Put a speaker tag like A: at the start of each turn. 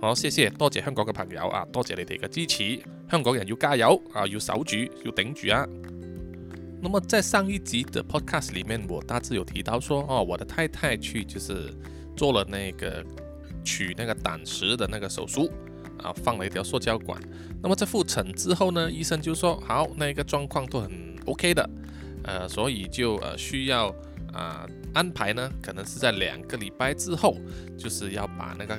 A: 好，謝謝，多謝香港的朋友啊，多謝你的一個支持。香港人要加油啊，要守住，要頂住啊！那麼在上一集的 podcast 裡面，我大致有提到說，哦，我的太太去就是做了那個取那個膽石的那個手術，啊，放了一條塑膠管。那麼在複診之後呢，醫生就說好，那個狀況都很 OK 的，呃，所以就呃需要啊、呃、安排呢，可能是在兩個禮拜之後，就是要把那個。